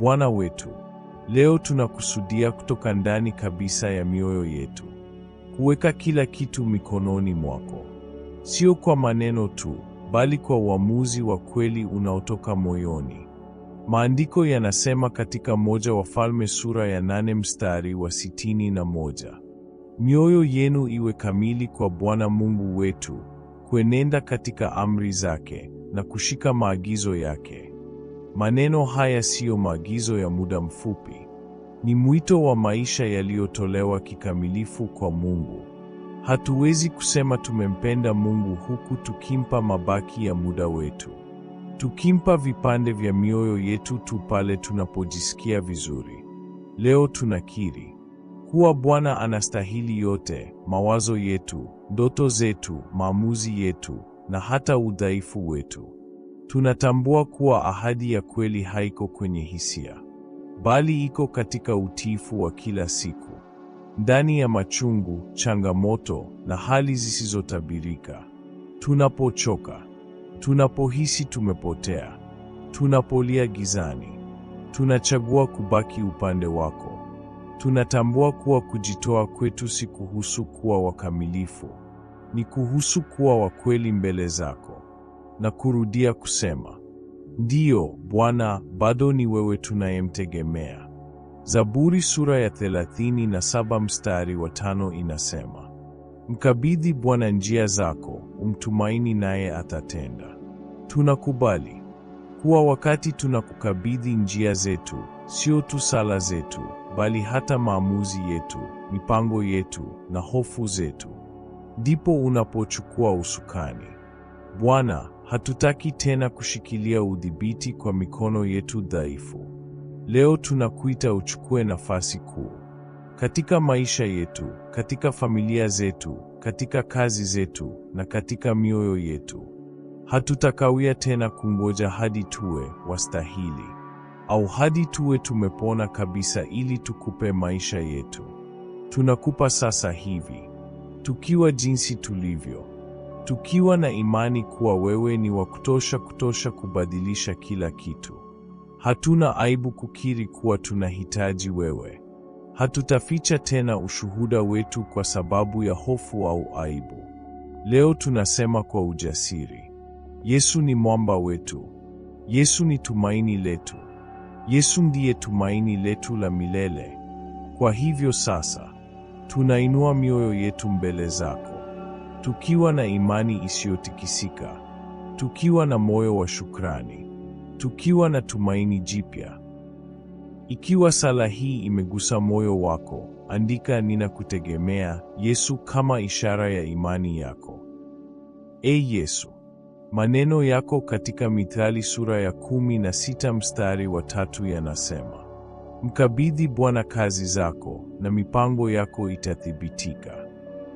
Bwana wetu, leo tunakusudia kutoka ndani kabisa ya mioyo yetu kuweka kila kitu mikononi mwako, sio kwa maneno tu, bali kwa uamuzi wa kweli unaotoka moyoni. Maandiko yanasema katika moja Wafalme sura ya nane mstari wa sitini na moja mioyo yenu iwe kamili kwa Bwana Mungu wetu, kuenenda katika amri zake na kushika maagizo yake. Maneno haya siyo maagizo ya muda mfupi, ni mwito wa maisha yaliyotolewa kikamilifu kwa Mungu. Hatuwezi kusema tumempenda Mungu huku tukimpa mabaki ya muda wetu, tukimpa vipande vya mioyo yetu tu pale tunapojisikia vizuri. Leo tunakiri kuwa Bwana anastahili yote: mawazo yetu, ndoto zetu, maamuzi yetu na hata udhaifu wetu tunatambua kuwa ahadi ya kweli haiko kwenye hisia, bali iko katika utiifu wa kila siku, ndani ya machungu, changamoto na hali zisizotabirika. Tunapochoka, tunapohisi tumepotea, tunapolia gizani, tunachagua kubaki upande wako. Tunatambua kuwa kujitoa kwetu si kuhusu kuwa wakamilifu, ni kuhusu kuwa wa kweli mbele zako na kurudia kusema, ndiyo Bwana, bado ni wewe tunayemtegemea. Zaburi sura ya 37 mstari wa tano inasema, mkabidhi Bwana njia zako, umtumaini naye atatenda. Tunakubali kuwa wakati tunakukabidhi njia zetu, sio tu sala zetu, bali hata maamuzi yetu, mipango yetu na hofu zetu, ndipo unapochukua usukani. Bwana Hatutaki tena kushikilia udhibiti kwa mikono yetu dhaifu. Leo tunakuita uchukue nafasi kuu katika maisha yetu, katika familia zetu, katika kazi zetu na katika mioyo yetu. Hatutakawia tena kungoja hadi tuwe wastahili au hadi tuwe tumepona kabisa ili tukupe maisha yetu. Tunakupa sasa hivi, tukiwa jinsi tulivyo tukiwa na imani kuwa wewe ni wa kutosha kutosha kubadilisha kila kitu. Hatuna aibu kukiri kuwa tunahitaji wewe. Hatutaficha tena ushuhuda wetu kwa sababu ya hofu au aibu. Leo tunasema kwa ujasiri, Yesu ni mwamba wetu. Yesu ni tumaini letu. Yesu ndiye tumaini letu la milele. Kwa hivyo sasa, tunainua mioyo yetu mbele zako tukiwa na imani isiyotikisika, tukiwa na moyo wa shukrani, tukiwa na tumaini jipya. Ikiwa sala hii imegusa moyo wako, andika ninakutegemea Yesu kama ishara ya imani yako. E Yesu, maneno yako katika Mithali sura ya kumi na sita mstari wa tatu yanasema, mkabidhi Bwana kazi zako na mipango yako itathibitika.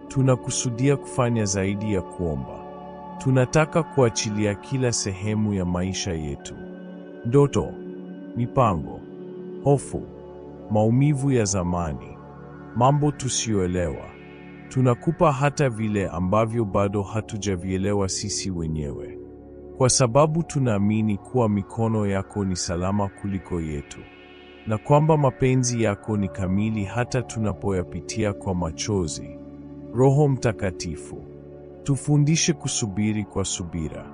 Tunakusudia kufanya zaidi ya kuomba. Tunataka kuachilia kila sehemu ya maisha yetu: ndoto, mipango, hofu, maumivu ya zamani, mambo tusiyoelewa. Tunakupa hata vile ambavyo bado hatujavielewa sisi wenyewe, kwa sababu tunaamini kuwa mikono yako ni salama kuliko yetu, na kwamba mapenzi yako ni kamili hata tunapoyapitia kwa machozi. Roho Mtakatifu, tufundishe kusubiri kwa subira,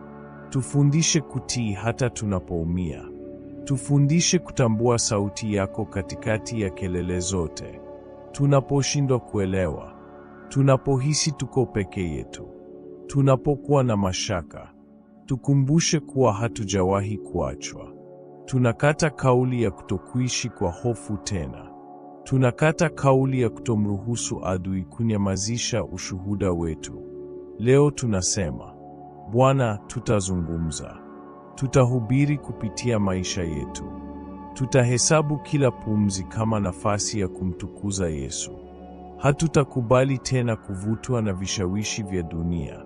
tufundishe kutii hata tunapoumia, tufundishe kutambua sauti yako katikati ya kelele zote, tunaposhindwa kuelewa, tunapohisi tuko peke yetu, tunapokuwa na mashaka, tukumbushe kuwa hatujawahi kuachwa. Tunakata kauli ya kutokuishi kwa hofu tena. Tunakata kauli ya kutomruhusu adui kunyamazisha ushuhuda wetu. Leo tunasema, Bwana, tutazungumza. Tutahubiri kupitia maisha yetu. Tutahesabu kila pumzi kama nafasi ya kumtukuza Yesu. Hatutakubali tena kuvutwa na vishawishi vya dunia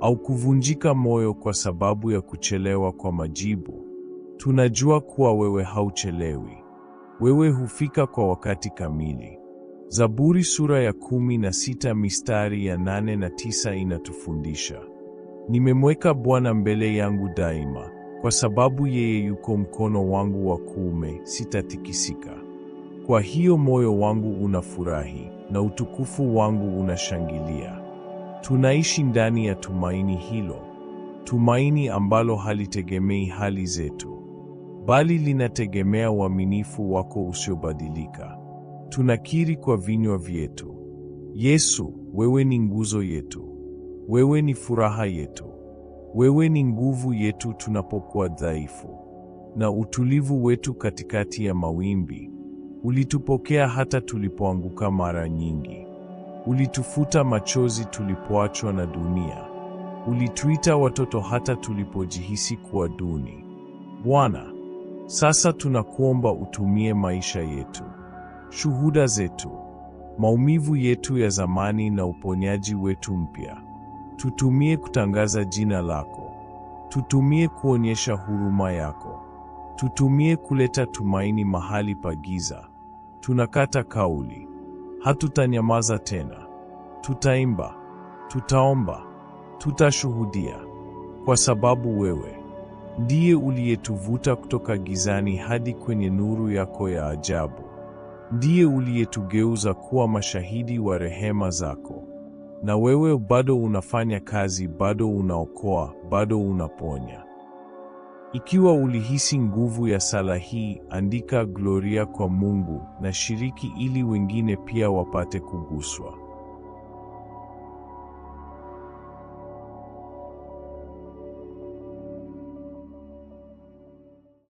au kuvunjika moyo kwa sababu ya kuchelewa kwa majibu. Tunajua kuwa wewe hauchelewi wewe hufika kwa wakati kamili. Zaburi sura ya kumi na sita mistari ya nane na tisa inatufundisha, nimemweka Bwana mbele yangu daima, kwa sababu yeye yuko mkono wangu wa kuume, sitatikisika. Kwa hiyo moyo wangu unafurahi na utukufu wangu unashangilia. Tunaishi ndani ya tumaini hilo, tumaini ambalo halitegemei hali zetu bali linategemea uaminifu wako usiobadilika. Tunakiri kwa vinywa vyetu, Yesu, wewe ni nguzo yetu, wewe ni furaha yetu, wewe ni nguvu yetu tunapokuwa dhaifu, na utulivu wetu katikati ya mawimbi. Ulitupokea hata tulipoanguka mara nyingi, ulitufuta machozi tulipoachwa na dunia, ulituita watoto hata tulipojihisi kuwa duni. Bwana, sasa tunakuomba utumie maisha yetu, shuhuda zetu, maumivu yetu ya zamani na uponyaji wetu mpya. Tutumie kutangaza jina lako. Tutumie kuonyesha huruma yako. Tutumie kuleta tumaini mahali pa giza. Tunakata kauli. Hatutanyamaza tena. Tutaimba, tutaomba, tutashuhudia, kwa sababu wewe Ndiye uliyetuvuta kutoka gizani hadi kwenye nuru yako ya ajabu. Ndiye uliyetugeuza kuwa mashahidi wa rehema zako. Na wewe bado unafanya kazi, bado unaokoa, bado unaponya. Ikiwa ulihisi nguvu ya sala hii, andika Gloria kwa Mungu na shiriki ili wengine pia wapate kuguswa.